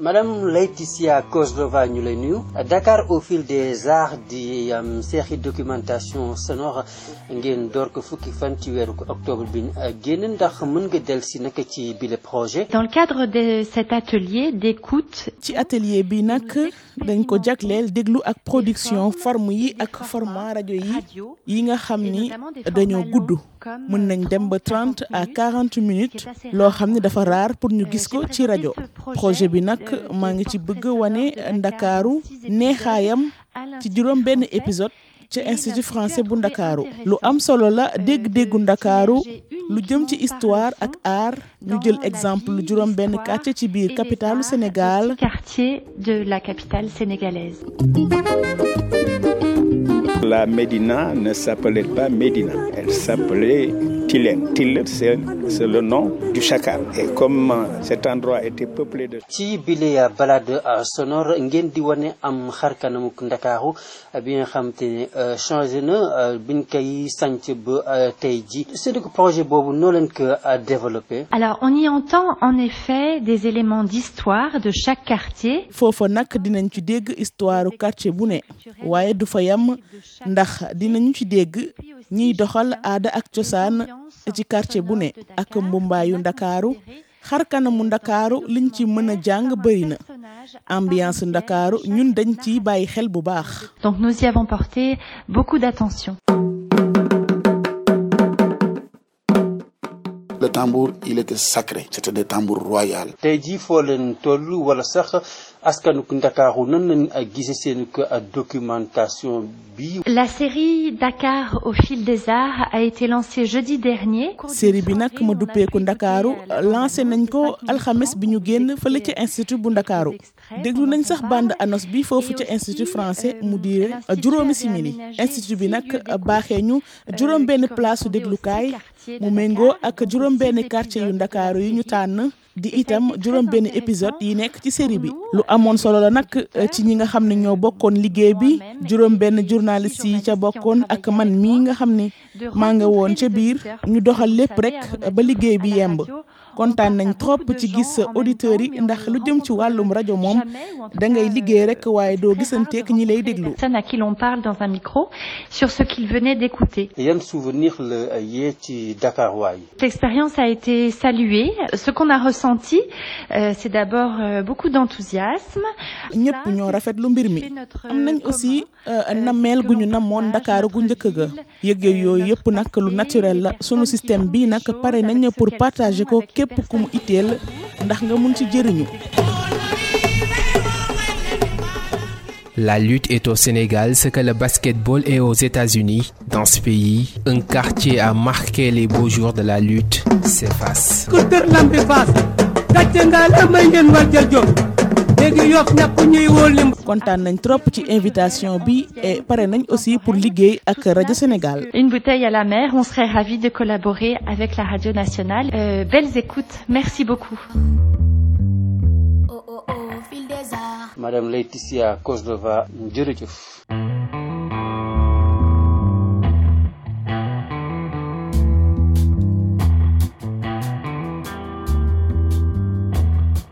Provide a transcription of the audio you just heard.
Madame Laetitia Kozlova ñu lay nuyu Dakar au fil des arts di am seexi documentation sonore ngeen door ko fukki fan ci weeru octobre bi génn ndax mën nga del si nag ci bile projet. dans le cadre de cet atelier d'écoute. ci atelier bi nag dañ ko jagleel déglu ak production forme yi ak format rajo yi yi nga xam ni dañoo gudd. mën nañ dem ba 30 à 40 minutes loo xam ne dafa raar pour ñu euh, gis ko ci rajo projet bi euh, nag maa ngi ci bëgg wane ndakaaru neexaayam ci juróom benn épisode ca institut français bu ndakaaru lu am solo la euh, dégg-déggu ndakaaru lu jëm ci histoire ak art ñu jël exemple lu juróom benn quartier ci biir capitalu Sénégal quartier de la la Médina ne s'appelait pas Médina, elle s'appelait Tilène. Tilène, c'est le nom du chacal. Et comme euh, cet endroit était peuplé de. ci bile balade euh, sonore ngeen di wane am xar kanamuk ndakaaru eh bi nga xam te ne euh, changé na biñ koy sanc ba tey ji c'est donc projet boobu noo leen ko développé. alors on y entend en effet des éléments d'histoire de chaque quartier. foofa nag dinañ ci dégg histoire quartier bu ne waaye du fa yam ndax dinañu ci dégg. ñiy doxal aada ak cosaan ci quartier bu ne ak mbumbaayu ndakaaru xarkanamu ndakaaru liñ ci mën a jàng bëri na ambiance ndakaaru ñun dañ ciy bàyyi xel bu baax. donc nous y avons porté beaucoup d'attention. askanuk Ndakaaru nan lañu ak seen documentation bi. La série Dakar au fil des arts a été lancée bi nag ma duppeeku Ndakaaru lancé nañ ko alxames bi ñu génn fële ci institut bu Ndakaaru. déglu nañ sax band annonce bi foofu ca institut français euh, mu diire euh, juróomi simili institut bi nag euh, baaxee ñu juróom benn place déglukaay mu méngoo ak juróom benn yu ndakaaru yi ñu tànn di itam juróom benn épisode yi nekk ci série bi lu amoon solo la nag ci ñi nga xam ne ñoo bokkoon liggéey bi juróom benn journaliste yi ca bokkoon ak man mii nga xam ne maa nga woon ca biir ñu doxal lépp rek ba liggéey bi yemb kontaan nañ trop ci gis auditeurs yi ndax lu jëm ci wàllum rajo moom da ngay liggéey rek euh, waaye doo gisanteek ñi lay déglu. personne à qui l'on parle dans un micro sur ce qu'il venait d'écouter. la yee ci Dakar waay. Cette expérience a été saluée. Ce qu'on a ressenti, euh, c'est d'abord euh, beaucoup d'enthousiasme. ñëpp ñoo rafetlu mbir mi. am nañ aussi nameel gu ñu namoon Dakar gu njëkk ga. yëg yooyu yëpp nag lu naturel la sunu système bi nag pare nañ pour partager ko képp. ndax nga mun ci jëriñu. La lutte est au Sénégal ce que le basketball est aux États-Unis. Dans ce pays, un quartier a marqué les beaux jours de la lutte, c'est Fass. léegi yoof ñuy wóol lim kontaan nañ trop ci invitation bi et pare nañ aussi pour liggéey ak rajo Sénégal. Une bouteille à la mer on serait ravis de collaborer avec la radio nationale euh, belles écoutes merci beaucoup. Oh, oh, oh,